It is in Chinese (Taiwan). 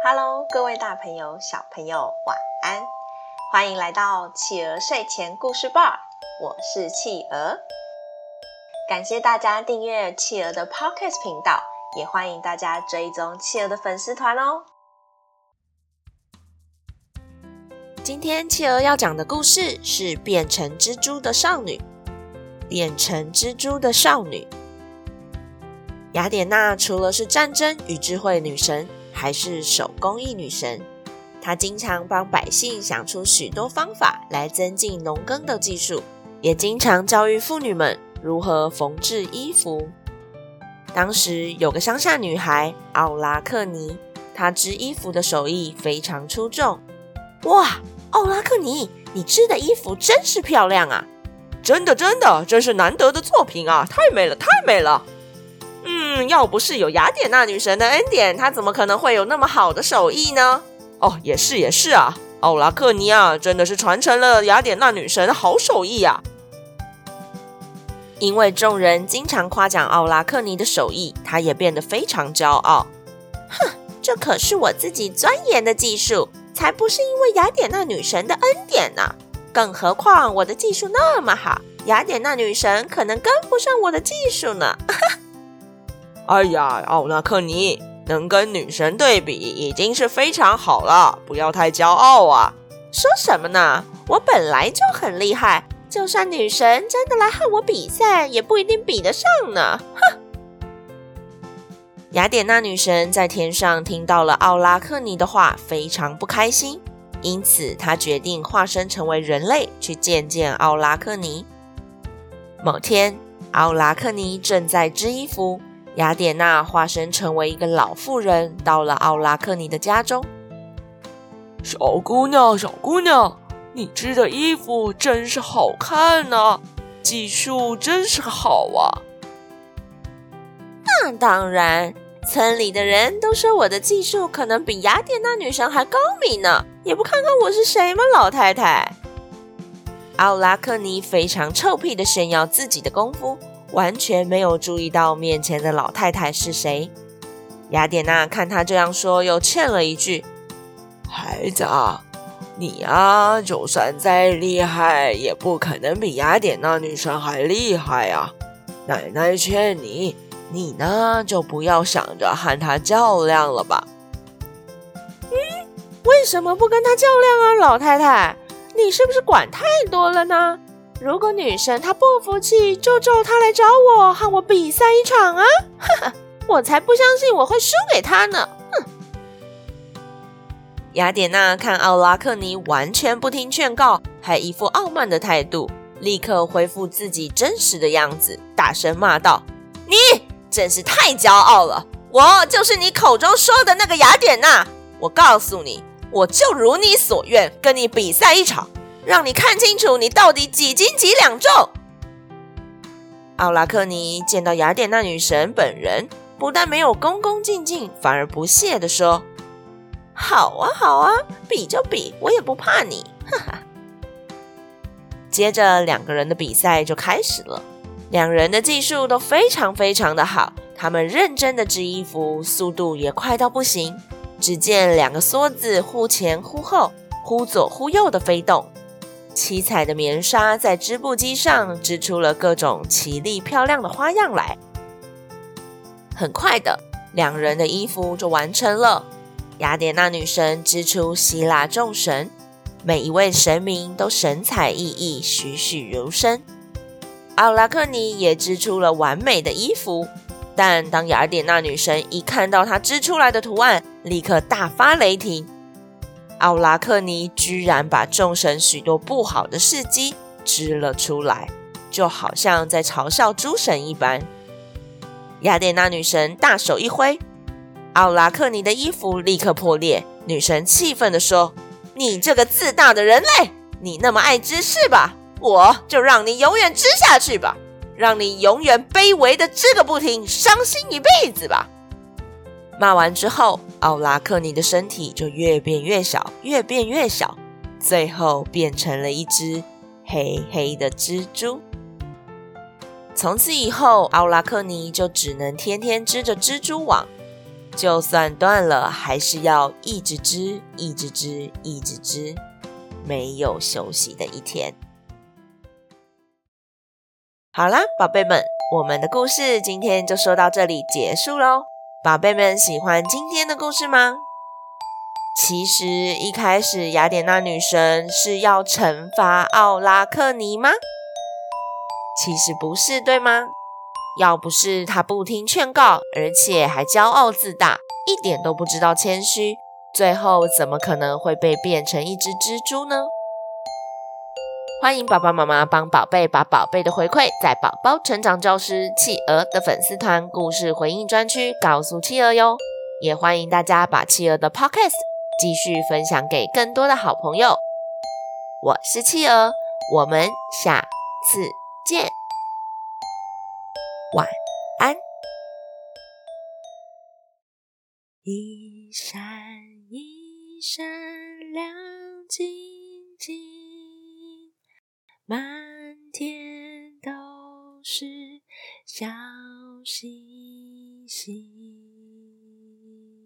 哈嘍，各位大朋友、小朋友，晚安！歡迎來到企鵝睡前故事吧，我是企鵝。感謝大家訂閱企鵝的 Podcast 頻道，也歡迎大家追蹤企鵝的粉絲團哦。今天企鵝要講的故事是《變成蜘蛛的少女》。變成蜘蛛的少女，雅典娜除了是戰爭與智慧女神，還是手工藝女神，她經常幫百姓想出許多方法來增進農耕的技術，也經常教育婦女們如何縫制衣服。當時有個鄉下女孩奧拉克尼，她織衣服的手藝非常出眾。哇，奧拉克尼，你織的衣服真是漂亮啊！真的，真的，真是難得的作品啊！太美了，太美了。嗯，要不是有雅典娜女神的恩典，她怎麼可能會有那麼好的手藝呢？哦，也是，也是啊，奧拉克尼啊，真的是傳承了雅典娜女神的好手藝啊。因為眾人經常誇獎奧拉克尼的手藝，她也變得非常驕傲。哼，這可是我自己鑽研的技術，才不是因為雅典娜女神的恩典呢。更何況我的技術那麼好，雅典娜女神可能跟不上我的技術呢。呵呵哎呀，奧拉克尼能跟女神對比，已經是非常好了，不要太驕傲啊！說什麼呢？我本來就很厲害，就算女神真的來和我比賽，也不一定比得上呢。哼！雅典娜女神在天上聽到了奧拉克尼的話，非常不開心，因此她決定化身成為人類，去見見奧拉克尼。某天，奧拉克尼正在織衣服。雅典娜化身成為一個老婦人，到了奧拉克尼的家中。小姑娘，小姑娘，你織的衣服真是好看呢，技術真是好啊！那當然，村裡的人都說我的技術可能比雅典娜女神還高明呢，也不看看我是誰嗎，老太太？奧拉克尼非常臭屁的炫耀自己的功夫。完全沒有注意到面前的老太太是誰。雅典娜看她這樣說，又勸了一句：“孩子啊，你啊，就算再厲害，也不可能比雅典娜女神還厲害啊。奶奶勸你，你呢，就不要想着和她較量了吧。”“嗯？為什麼不跟她較量啊，老太太？你是不是管太多了呢？”如果女神她不服氣，就叫她來找我，和我比賽一場啊！哈哈，我才不相信我會輸給她呢！哼！雅典娜看奧拉克尼完全不聽勸告，還一副傲慢的態度，立刻恢復自己真實的樣子，大聲罵道：“你真是太驕傲了！我就是你口中說的那個雅典娜！我告訴你，我就如你所願，跟你比賽一場！”讓你看清楚，你到底幾斤幾兩重？奧拉克尼見到雅典娜女神本人，不但沒有恭恭敬敬，反而不屑地說：“好啊，好啊，比就比，我也不怕你。”哈哈。接着，兩個人的比賽就開始了。兩人的技術都非常非常的好，他們認真地織衣服，速度也快到不行。只見兩個梭子忽前忽後、忽左忽右的飛動。七彩的棉紗在織布機上織出了各種綺麗漂亮的花樣來。很快的，兩人的衣服就完成了。雅典娜女神織出希臘眾神，每一位神明都神采奕奕、栩栩如生。奧拉克尼也織出了完美的衣服，但當雅典娜女神一看到她織出來的圖案，立刻大發雷霆。奧拉克尼居然把眾神許多不好的事跡織了出來，就好像在嘲笑諸神一般。雅典娜女神大手一揮，奧拉克尼的衣服立刻破裂。女神氣憤地說：“你這個自大的人類，你那麼愛織是吧，我就讓你永遠織下去吧，讓你永遠卑微的織個不停，傷心一輩子吧。”罵完之後，奧拉克尼的身體就越變越小，越變越小，最後變成了一隻黑黑的蜘蛛。從此以後，奧拉克尼就只能天天織着蜘蛛網，就算斷了，還是要一直織，一直織，一直織，沒有休息的一天。好啦，寶貝們，我們的故事今天就說到這裡結束嘍。寶貝們喜歡今天的故事嗎？其實一開始雅典娜女神是要懲罰奧拉克尼嗎？其實不是，對嗎？要不是她不聽勸告，而且還驕傲自大，一點都不知道謙虛，最後怎麼可能會被變成一隻蜘蛛呢？歡迎爸爸媽媽幫寶貝把寶貝的回饋，在寶寶成長教室企鵝的粉絲團故事回應專區告訴企鵝喲，也歡迎大家把企鵝的 Podcast 繼續分享給更多的好朋友。我是企鵝，我們下次見，晚安。一閃一閃亮。